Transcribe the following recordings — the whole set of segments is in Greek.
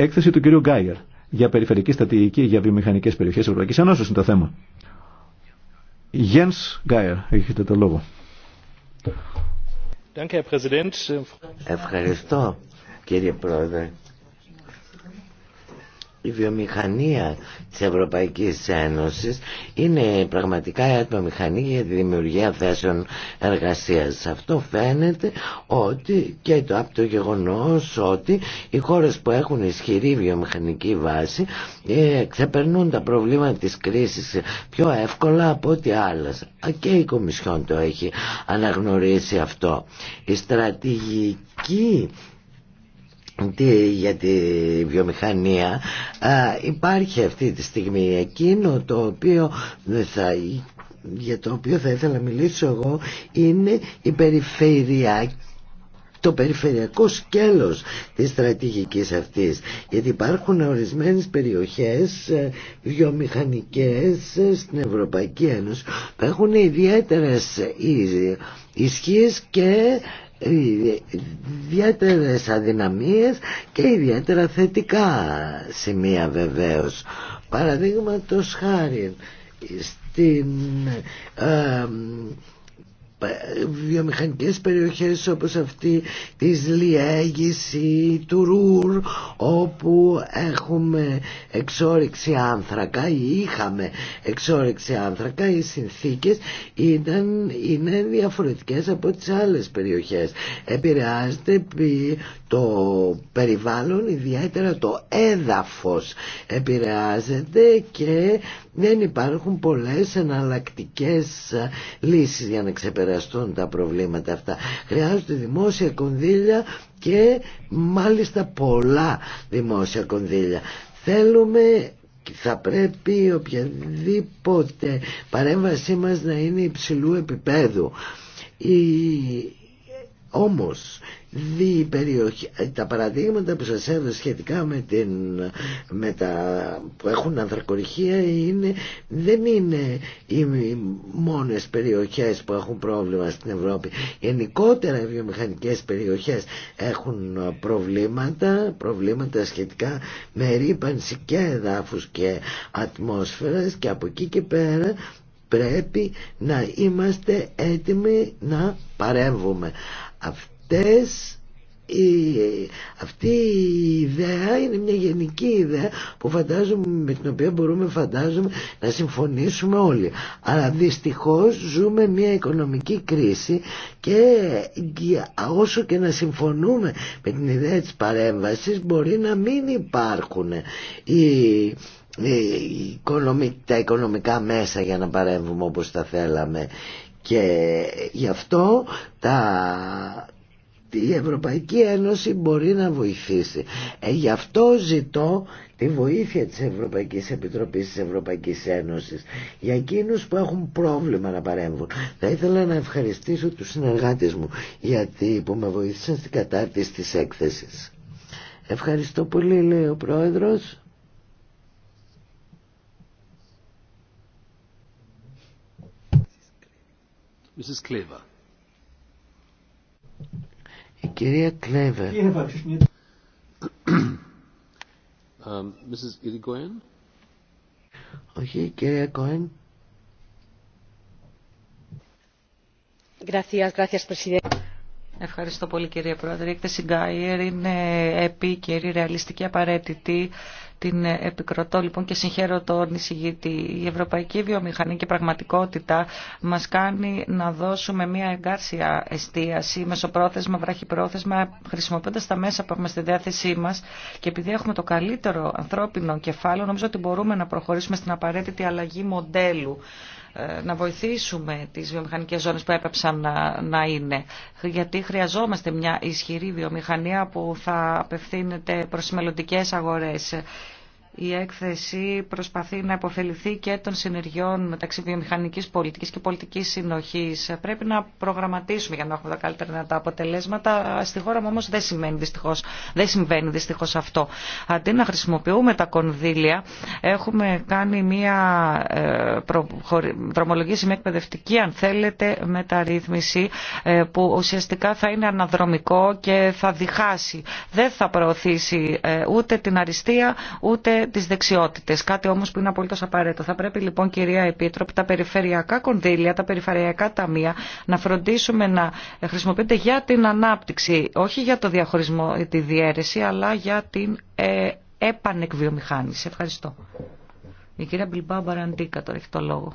Έκθεση του κυρίου Γκάιερ για περιφερειακή στατηγική για βιομηχανικές περιοχές της Ευρωπαϊκής Ενώσης είναι το θέμα. Γιέν Γκάιερ, έχετε το λόγο. Ευχαριστώ κύριε Πρόεδρε η βιομηχανία της Ευρωπαϊκής Ένωσης είναι πραγματικά ατμομηχανή για τη δημιουργία θέσεων εργασίας. Αυτό φαίνεται ότι και το, από το γεγονός ότι οι χώρες που έχουν ισχυρή βιομηχανική βάση ε, ξεπερνούν τα προβλήματα της κρίσης πιο εύκολα από ό,τι άλλες. Και η Κομισιόν το έχει αναγνωρίσει αυτό. Η στρατηγική για τη βιομηχανία υπάρχει αυτή τη στιγμή εκείνο το οποίο θα για το οποίο θα ήθελα να μιλήσω εγώ είναι η περιφέρεια το περιφερειακό σκέλος της στρατηγικής αυτής γιατί υπάρχουν ορισμένες περιοχές ε, βιομηχανικές ε, στην Ευρωπαϊκή Ένωση που έχουν ιδιαίτερες ε, ισχύες και ιδιαίτερες αδυναμίες και ιδιαίτερα θετικά σημεία βεβαίως παραδείγματος χάρη στην ε, βιομηχανικές περιοχές όπως αυτή της Λιέγης ή του Ρούρ όπου έχουμε εξόρυξη άνθρακα ή είχαμε εξόρυξη άνθρακα οι συνθήκες ήταν, είναι διαφορετικές από τις άλλες περιοχές επηρεάζεται το περιβάλλον, ιδιαίτερα το έδαφος επηρεάζεται και δεν υπάρχουν πολλές εναλλακτικέ λύσεις για να ξεπεραστούν τα προβλήματα αυτά. Χρειάζονται δημόσια κονδύλια και μάλιστα πολλά δημόσια κονδύλια. Θέλουμε θα πρέπει οποιαδήποτε παρέμβασή μας να είναι υψηλού επίπεδου. Η όμως τα παραδείγματα που σας έδωσα σχετικά με, την, με τα που έχουν ανθρακοριχεία είναι, δεν είναι οι μόνες περιοχές που έχουν πρόβλημα στην Ευρώπη. Γενικότερα οι βιομηχανικές περιοχές έχουν προβλήματα, προβλήματα σχετικά με ρήπανση και εδάφους και ατμόσφαιρας και από εκεί και πέρα πρέπει να είμαστε έτοιμοι να παρέμβουμε. Αυτές αυτή η ιδέα είναι μια γενική ιδέα που με την οποία μπορούμε φαντάζομαι να συμφωνήσουμε όλοι αλλά δυστυχώς ζούμε μια οικονομική κρίση και όσο και να συμφωνούμε με την ιδέα της παρέμβασης μπορεί να μην υπάρχουν οι ε, τα οικονομικά μέσα για να παρέμβουμε όπως τα θέλαμε και γι' αυτό τα, η Ευρωπαϊκή Ένωση μπορεί να βοηθήσει. Ε, γι' αυτό ζητώ τη βοήθεια της Ευρωπαϊκής Επιτροπής της Ευρωπαϊκής Ένωσης για εκείνους που έχουν πρόβλημα να παρέμβουν. Θα ήθελα να ευχαριστήσω τους συνεργάτες μου γιατί που με βοήθησαν στην κατάρτιση της έκθεσης. Ευχαριστώ πολύ λέει ο Πρόεδρος. κυρία Κλέβερ. Um, κυρία Ευχαριστώ πολύ κυρία Πρόεδρε. Η έκθεση Γκάιερ είναι επίκαιρη, ρεαλιστική, απαραίτητη την επικροτώ λοιπόν και συγχαίρω τον εισηγητή. Η ευρωπαϊκή βιομηχανική πραγματικότητα μας κάνει να δώσουμε μια εγκάρσια εστίαση, μεσοπρόθεσμα, βραχυπρόθεσμα, χρησιμοποιώντας τα μέσα που έχουμε στη διάθεσή μας και επειδή έχουμε το καλύτερο ανθρώπινο κεφάλαιο, νομίζω ότι μπορούμε να προχωρήσουμε στην απαραίτητη αλλαγή μοντέλου ε, να βοηθήσουμε τις βιομηχανικές ζώνες που έπεψαν να, είναι. Γιατί χρειαζόμαστε μια ισχυρή βιομηχανία που θα απευθύνεται προς μελλοντικέ αγορές η έκθεση προσπαθεί να υποφεληθεί και των συνεργειών μεταξύ βιομηχανικής πολιτικής και πολιτικής συνοχής. Πρέπει να προγραμματίσουμε για να έχουμε τα καλύτερα τα αποτελέσματα. Στη χώρα μου όμως δεν, σημαίνει, δυστυχώς, δεν συμβαίνει δυστυχώς αυτό. Αντί να χρησιμοποιούμε τα κονδύλια, έχουμε κάνει μια ε, δρομολογήση, μια εκπαιδευτική αν θέλετε μεταρρύθμιση ε, που ουσιαστικά θα είναι αναδρομικό και θα διχάσει. Δεν θα προωθήσει ε, ούτε την αριστεία ούτε τις δεξιότητες, κάτι όμως που είναι απολύτως απαραίτητο. Θα πρέπει λοιπόν κυρία Επίτροπη τα περιφερειακά κονδύλια, τα περιφερειακά ταμεία να φροντίσουμε να χρησιμοποιείται για την ανάπτυξη, όχι για το διαχωρισμό, τη διαίρεση, αλλά για την ε, επανεκβιομηχάνηση. Ευχαριστώ. Η κυρία Μπιλμπά Μπαραντίκα τώρα έχει το λόγο.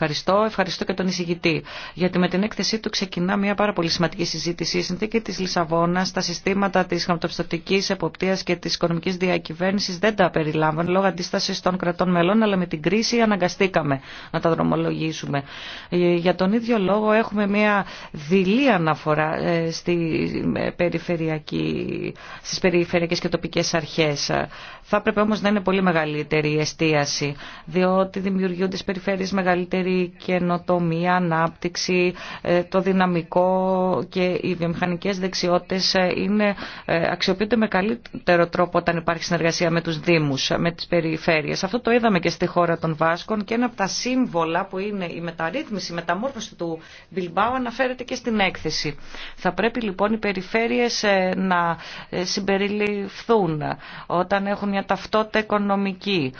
Ευχαριστώ, ευχαριστώ και τον εισηγητή. Γιατί με την έκθεσή του ξεκινά μια πάρα πολύ σημαντική συζήτηση. Η συνθήκη τη Λισαβόνα, τα συστήματα τη χρηματοπιστωτική εποπτεία και τη οικονομική διακυβέρνηση δεν τα περιλάμβανε λόγω αντίσταση των κρατών μελών, αλλά με την κρίση αναγκαστήκαμε να τα δρομολογήσουμε. Ε, για τον ίδιο λόγο έχουμε μια δειλή αναφορά ε, στη περιφερειακή, στις περιφερειακές και τοπικές αρχές. Θα έπρεπε όμως να είναι πολύ μεγαλύτερη η εστίαση, διότι δημιουργούνται στις περιφέρειες μεγαλύτερη καινοτομία, ανάπτυξη, ε, το δυναμικό και οι βιομηχανικές δεξιότητες ε, είναι, ε, αξιοποιούνται με καλύτερο τρόπο όταν υπάρχει συνεργασία με τους Δήμους, με τις περιφέρειες. Αυτό το είδαμε και στη χώρα των Βάσκων και ένα από τα σύμβολα που είναι η μεταρρύθμιση, η μεταμόρφωση του Μπιλμπάου αναφέρεται και στην έκθεση. Θα πρέπει λοιπόν οι περιφέρειες να συμπεριληφθούν όταν έχουν μια ταυτότητα οικονομική.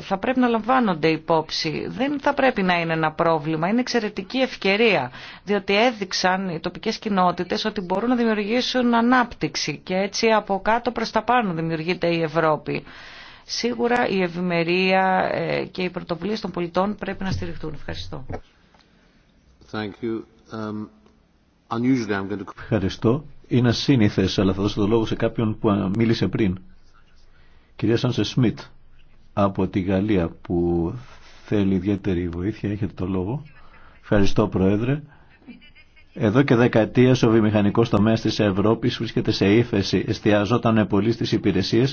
Θα πρέπει να λαμβάνονται υπόψη. Δεν θα πρέπει να είναι είναι ένα πρόβλημα, είναι εξαιρετική ευκαιρία, διότι έδειξαν οι τοπικές κοινότητες ότι μπορούν να δημιουργήσουν ανάπτυξη και έτσι από κάτω προς τα πάνω δημιουργείται η Ευρώπη. Σίγουρα η ευημερία ε, και οι πρωτοβουλίε των πολιτών πρέπει να στηριχτούν. Ευχαριστώ. Thank you. Um, Ευχαριστώ. Είναι σύνηθε, αλλά θα δώσω το λόγο σε κάποιον που μίλησε πριν. Κυρία Σάνσε Σμιτ από τη Γαλλία που θέλει ιδιαίτερη βοήθεια. Έχετε το λόγο. Ευχαριστώ Πρόεδρε. Εδώ και δεκαετία ο βιομηχανικό τομέα τη Ευρώπη βρίσκεται σε ύφεση. Εστιαζόταν πολύ στι υπηρεσίε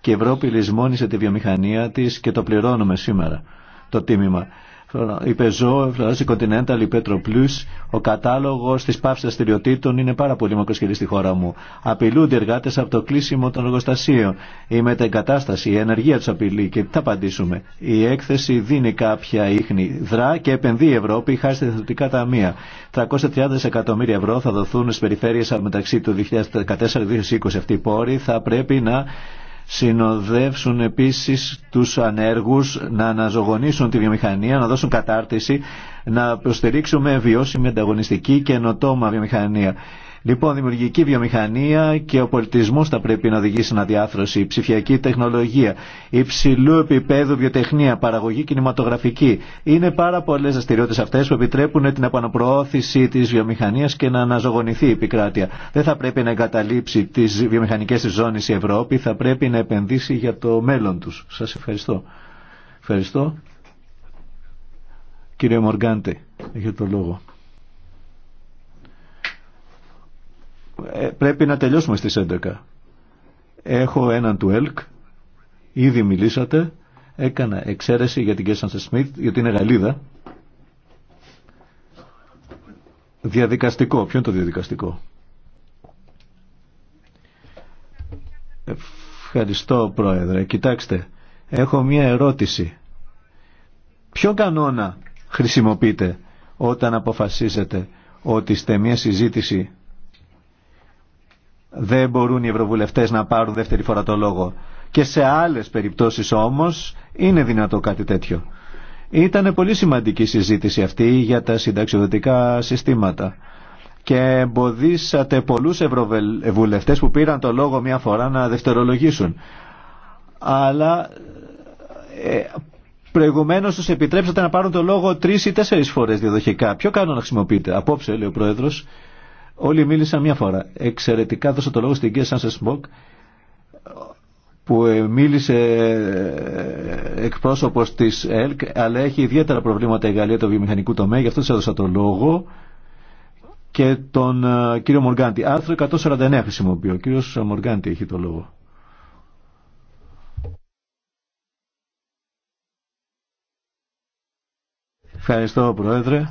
και η Ευρώπη λησμόνισε τη βιομηχανία τη και το πληρώνουμε σήμερα το τίμημα η Πεζό, η Continental, η Petro Plus, ο κατάλογο τη πάυση δραστηριοτήτων είναι πάρα πολύ μακροσκελή στη χώρα μου. Απειλούνται οι εργάτε από το κλείσιμο των εργοστασίων. Η μεταγκατάσταση, η ενεργεία του απειλεί και τι θα απαντήσουμε. Η έκθεση δίνει κάποια ίχνη. Δρά και επενδύει η Ευρώπη χάρη στα θετικά ταμεία. 330 εκατομμύρια ευρώ θα δοθούν στι περιφέρειε μεταξύ του 2014-2020. Αυτοί θα πρέπει να συνοδεύσουν επίσης τους ανέργους να αναζωογονήσουν τη βιομηχανία, να δώσουν κατάρτιση, να προστηρίξουμε βιώσιμη ανταγωνιστική και ενωτόμα βιομηχανία. Λοιπόν, δημιουργική βιομηχανία και ο πολιτισμό θα πρέπει να οδηγήσει στην αδιάθρωση. ψηφιακή τεχνολογία, υψηλού επίπεδου βιοτεχνία, παραγωγή κινηματογραφική. Είναι πάρα πολλέ δραστηριότητε αυτέ που επιτρέπουν την επαναπροώθηση τη βιομηχανία και να αναζωογονηθεί η επικράτεια. Δεν θα πρέπει να εγκαταλείψει τι βιομηχανικέ τη ζώνη η Ευρώπη, θα πρέπει να επενδύσει για το μέλλον του. Σα ευχαριστώ. Ευχαριστώ. Κύριε Μοργάντε, για το λόγο. Ε, πρέπει να τελειώσουμε στις 11. Έχω έναν του ΕΛΚ, ήδη μιλήσατε, έκανα εξαίρεση για την Κέσσανσε Σμιθ, γιατί είναι Γαλλίδα. Διαδικαστικό, ποιο είναι το διαδικαστικό. Ευχαριστώ Πρόεδρε. Κοιτάξτε, έχω μία ερώτηση. Ποιο κανόνα χρησιμοποιείτε όταν αποφασίζετε ότι είστε μία συζήτηση δεν μπορούν οι ευρωβουλευτές να πάρουν δεύτερη φορά το λόγο. Και σε άλλες περιπτώσεις όμως είναι δυνατό κάτι τέτοιο. Ήταν πολύ σημαντική συζήτηση αυτή για τα συνταξιοδοτικά συστήματα και εμποδίσατε πολλούς ευρωβουλευτές που πήραν το λόγο μια φορά να δευτερολογήσουν. Αλλά ε, προηγουμένως τους επιτρέψατε να πάρουν το λόγο τρεις ή τέσσερις φορές διαδοχικά. Ποιο κάνω να χρησιμοποιείτε. Απόψε, λέει ο Πρόεδρος. Όλοι μίλησαν μια φορά. Εξαιρετικά δώσα το λόγο στην κυρία Σάνσε Σμποκ που ε, μίλησε ε, εκπρόσωπος της ΕΛΚ αλλά έχει ιδιαίτερα προβλήματα η Γαλλία του βιομηχανικού τομέα γι' αυτό της έδωσα το λόγο και τον ε, κύριο Μοργκάντη. Άρθρο 149 χρησιμοποιώ. Ο κύριος Μοργκάντη έχει το λόγο. Ευχαριστώ Πρόεδρε.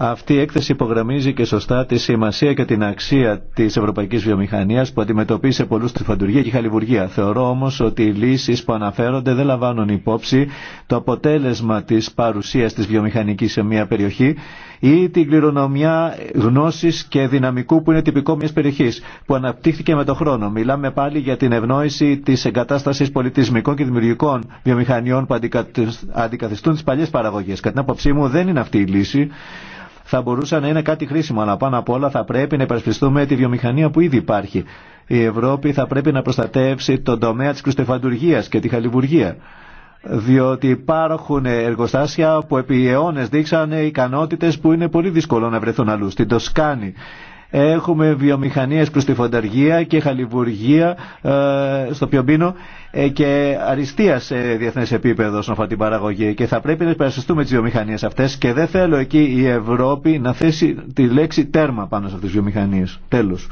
Αυτή η έκθεση υπογραμμίζει και σωστά τη σημασία και την αξία τη ευρωπαϊκή βιομηχανία που αντιμετωπίζει σε πολλού τη φαντουργία και χαλιβουργία. Θεωρώ όμω ότι οι λύσει που αναφέρονται δεν λαμβάνουν υπόψη το αποτέλεσμα τη παρουσία τη βιομηχανική σε μια περιοχή ή την κληρονομιά γνώση και δυναμικού που είναι τυπικό μια περιοχή που αναπτύχθηκε με τον χρόνο. Μιλάμε πάλι για την ευνόηση τη εγκατάσταση πολιτισμικών και δημιουργικών βιομηχανιών που αντικαθιστούν τι παλιέ παραγωγέ. Κατά την άποψή μου δεν είναι αυτή η λύση θα μπορούσαν να είναι κάτι χρήσιμο. Αλλά πάνω απ' όλα θα πρέπει να υπερασπιστούμε τη βιομηχανία που ήδη υπάρχει. Η Ευρώπη θα πρέπει να προστατεύσει τον τομέα της κρουστεφαντουργίας και τη χαλιβουργία διότι υπάρχουν εργοστάσια που επί αιώνες δείξανε ικανότητες που είναι πολύ δύσκολο να βρεθούν αλλού. Στην Τοσκάνη Έχουμε βιομηχανίες προς τη και χαλιβουργία ε, στο Πιομπίνο ε, και αριστεία σε διεθνές επίπεδο στον αφορά την παραγωγή. Και θα πρέπει να υπερασπιστούμε τις βιομηχανίες αυτές και δεν θέλω εκεί η Ευρώπη να θέσει τη λέξη τέρμα πάνω σε αυτές τις βιομηχανίες. Τέλος.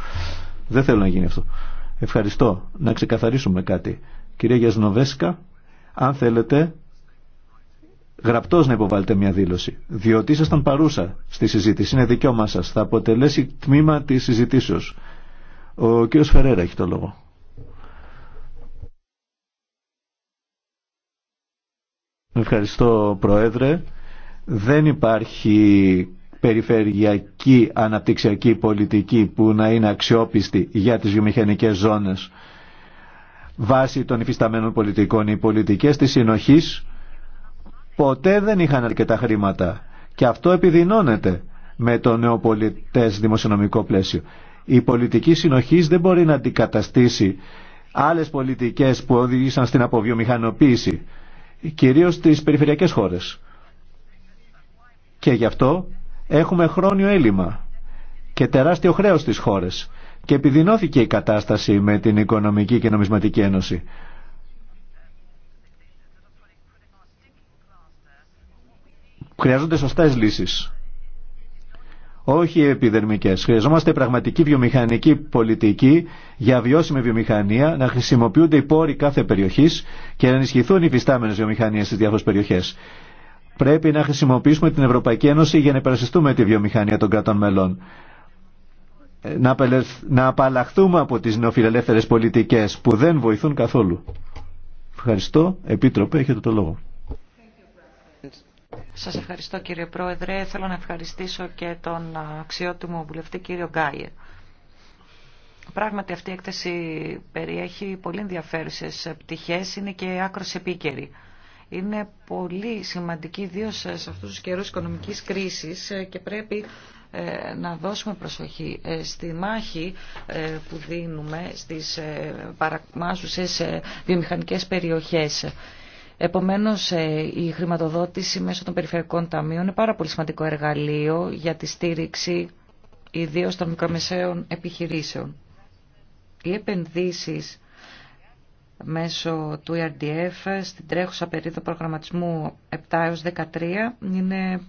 Δεν θέλω να γίνει αυτό. Ευχαριστώ. Να ξεκαθαρίσουμε κάτι. Κυρία Γιασνοβέσκα, αν θέλετε γραπτό να υποβάλλετε μια δήλωση. Διότι ήσασταν παρούσα στη συζήτηση. Είναι δικαίωμά σα. Θα αποτελέσει τμήμα τη συζητήσεω. Ο κ. Φεραίρα έχει το λόγο. Ευχαριστώ, Πρόεδρε. Δεν υπάρχει περιφερειακή αναπτυξιακή πολιτική που να είναι αξιόπιστη για τις βιομηχανικές ζώνες. Βάσει των υφισταμένων πολιτικών, οι πολιτικές της συνοχής ποτέ δεν είχαν αρκετά χρήματα. Και αυτό επιδεινώνεται με το νεοπολιτές δημοσιονομικό πλαίσιο. Η πολιτική συνοχής δεν μπορεί να αντικαταστήσει άλλε πολιτικές που οδήγησαν στην αποβιομηχανοποίηση, κυρίως στις περιφερειακές χώρες. Και γι' αυτό έχουμε χρόνιο έλλειμμα και τεράστιο χρέος στις χώρε και επιδεινώθηκε η κατάσταση με την Οικονομική και Νομισματική Ένωση. Χρειάζονται σωστέ λύσει. Όχι επιδερμικέ. Χρειαζόμαστε πραγματική βιομηχανική πολιτική για βιώσιμη βιομηχανία, να χρησιμοποιούνται οι πόροι κάθε περιοχή και να ενισχυθούν οι φυστάμενες βιομηχανίε στι διάφορε περιοχέ. Πρέπει να χρησιμοποιήσουμε την Ευρωπαϊκή Ένωση για να υπερασπιστούμε τη βιομηχανία των κρατών μελών να απαλλαχθούμε από τι νεοφιλελεύθερε πολιτικέ που δεν βοηθούν καθόλου. Ευχαριστώ. Επίτροπε, έχετε το λόγο. Σας ευχαριστώ κύριε Πρόεδρε. Θέλω να ευχαριστήσω και τον αξιότιμο βουλευτή κύριο Γκάιε. Πράγματι αυτή η έκθεση περιέχει πολύ ενδιαφέρουσε πτυχές, είναι και άκρος επίκαιρη. Είναι πολύ σημαντική ιδίω σε αυτούς τους καιρούς οικονομικής κρίσης και πρέπει ε, να δώσουμε προσοχή ε, στη μάχη ε, που δίνουμε στις παρακμάσουσες βιομηχανικές περιοχές. Επομένως, ε, η χρηματοδότηση μέσω των περιφερειακών ταμείων είναι πάρα πολύ σημαντικό εργαλείο για τη στήριξη ιδίως των μικρομεσαίων επιχειρήσεων. Οι επενδύσεις μέσω του ERDF στην τρέχουσα περίοδο προγραμματισμού 7 έως 13 είναι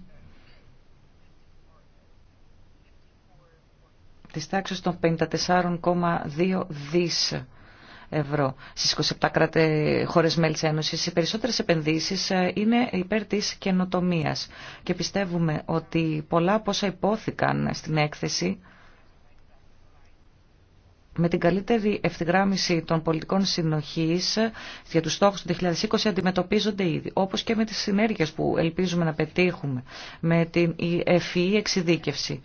της τάξης των 54,2 δις ευρώ στις 27 κράτη, χώρες μέλη της Ένωσης. Οι περισσότερες επενδύσεις ε, είναι υπέρ της καινοτομίας και πιστεύουμε ότι πολλά από όσα υπόθηκαν στην έκθεση με την καλύτερη ευθυγράμμιση των πολιτικών συνοχής για τους στόχους του 2020 αντιμετωπίζονται ήδη, όπως και με τις συνέργειες που ελπίζουμε να πετύχουμε, με την ευφυή εξειδίκευση.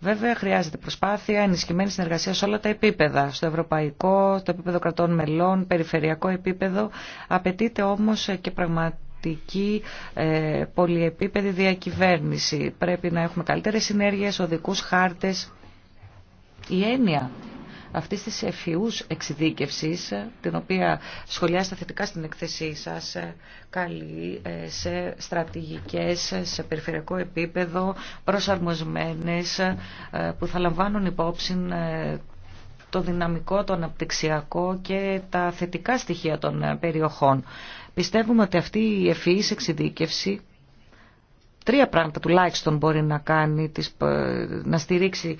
Βέβαια, χρειάζεται προσπάθεια, ενισχυμένη συνεργασία σε όλα τα επίπεδα. Στο ευρωπαϊκό, στο επίπεδο κρατών μελών, περιφερειακό επίπεδο. Απαιτείται όμω και πραγματική ε, πολυεπίπεδη διακυβέρνηση. Πρέπει να έχουμε καλύτερες συνέργειες, οδικούς χάρτες. Η έννοια αυτής της ευφυούς εξειδίκευσης, την οποία τα θετικά στην εκθεσή σας, καλή ε, σε στρατηγικές, σε περιφερειακό επίπεδο, προσαρμοσμένες, ε, που θα λαμβάνουν υπόψη ε, το δυναμικό, το αναπτυξιακό και τα θετικά στοιχεία των περιοχών. Πιστεύουμε ότι αυτή η ευφυής εξειδίκευση τρία πράγματα τουλάχιστον μπορεί να κάνει, να στηρίξει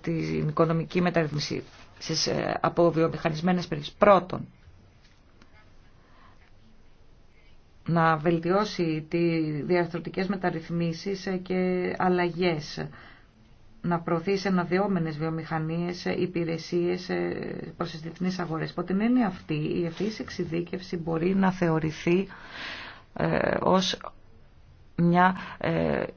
την οικονομική μεταρρύθμιση στις ε, αποβιομηχανισμένες περιοχές. Πρώτον, να βελτιώσει τι διαρθρωτικές μεταρρυθμίσεις ε, και αλλαγές να προωθεί σε αναδυόμενες βιομηχανίες, ε, υπηρεσίες προς τις διεθνείς αγορές. Ποτέ την έννοια αυτή, η ευθύης εξειδίκευση μπορεί να θεωρηθεί ε, ως μια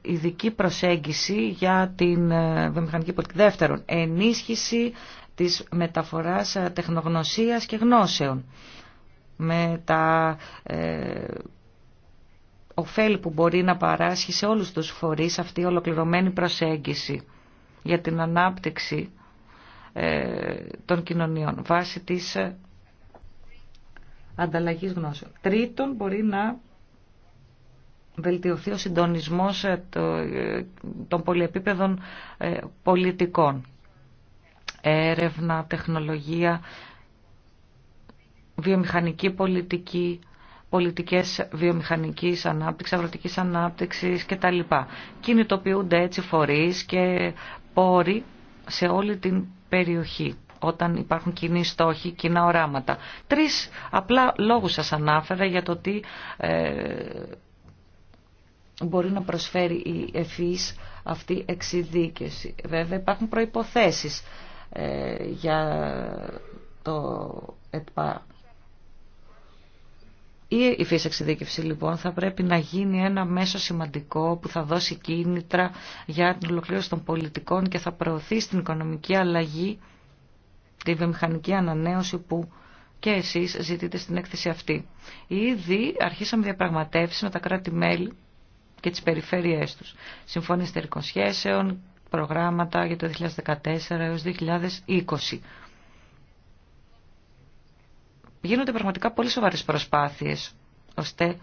ειδική προσέγγιση για την βιομηχανική πολιτική. Δεύτερον, ενίσχυση της μεταφοράς ε, τεχνογνωσίας και γνώσεων με τα ε, ωφέλη που μπορεί να παράσχει σε όλους τους φορείς αυτή η ολοκληρωμένη προσέγγιση για την ανάπτυξη ε, των κοινωνιών βάσει της ε, ανταλλαγής γνώσεων. Τρίτον, μπορεί να βελτιωθεί ο συντονισμός των πολυεπίπεδων πολιτικών έρευνα, τεχνολογία, βιομηχανική πολιτική, πολιτικές βιομηχανικής ανάπτυξης, αγροτικής ανάπτυξης κτλ. Κινητοποιούνται έτσι φορείς και πόροι σε όλη την περιοχή όταν υπάρχουν κοινοί στόχοι, κοινά οράματα. Τρεις απλά λόγους σας ανάφερα για το τι ε, μπορεί να προσφέρει η ευφύης αυτή εξειδίκευση. Βέβαια υπάρχουν προϋποθέσεις ε, για το ΕΤΠΑ. Η υφής εξειδίκευση λοιπόν θα πρέπει να γίνει ένα μέσο σημαντικό που θα δώσει κίνητρα για την ολοκλήρωση των πολιτικών και θα προωθεί στην οικονομική αλλαγή, τη βιομηχανική ανανέωση που και εσείς ζητείτε στην έκθεση αυτή. Ήδη αρχίσαμε διαπραγματεύσεις με τα κράτη-μέλη και τις περιφέρειές τους. Συμφώνες τερικών σχέσεων προγράμματα για το 2014 έως 2020. Γίνονται πραγματικά πολύ σοβαρές προσπάθειες ώστε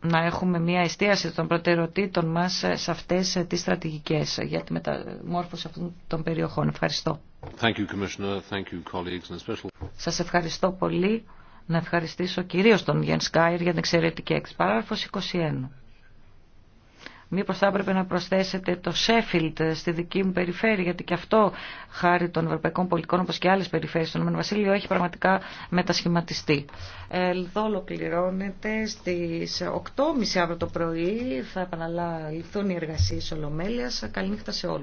να έχουμε μια εστίαση των προτεραιοτήτων μας σε αυτές τις στρατηγικές για τη μεταμόρφωση αυτών των περιοχών. Ευχαριστώ. Thank you, Thank you, special... Σας ευχαριστώ πολύ. Να ευχαριστήσω κυρίως τον Γιάννη Σκάιρ για την εξαιρετική έκθεση. Παράγραφος 21. Μήπως θα έπρεπε να προσθέσετε το Σέφιλτ στη δική μου περιφέρεια, γιατί και αυτό χάρη των ευρωπαϊκών πολιτικών, όπως και άλλες περιφέρειες του Βασίλειο Βασίλειου, έχει πραγματικά μετασχηματιστεί. Εδώ ολοκληρώνεται στις 8.30 αύριο το πρωί, θα επαναλάβουν οι εργασίες Ολομέλειας. Καληνύχτα σε όλους.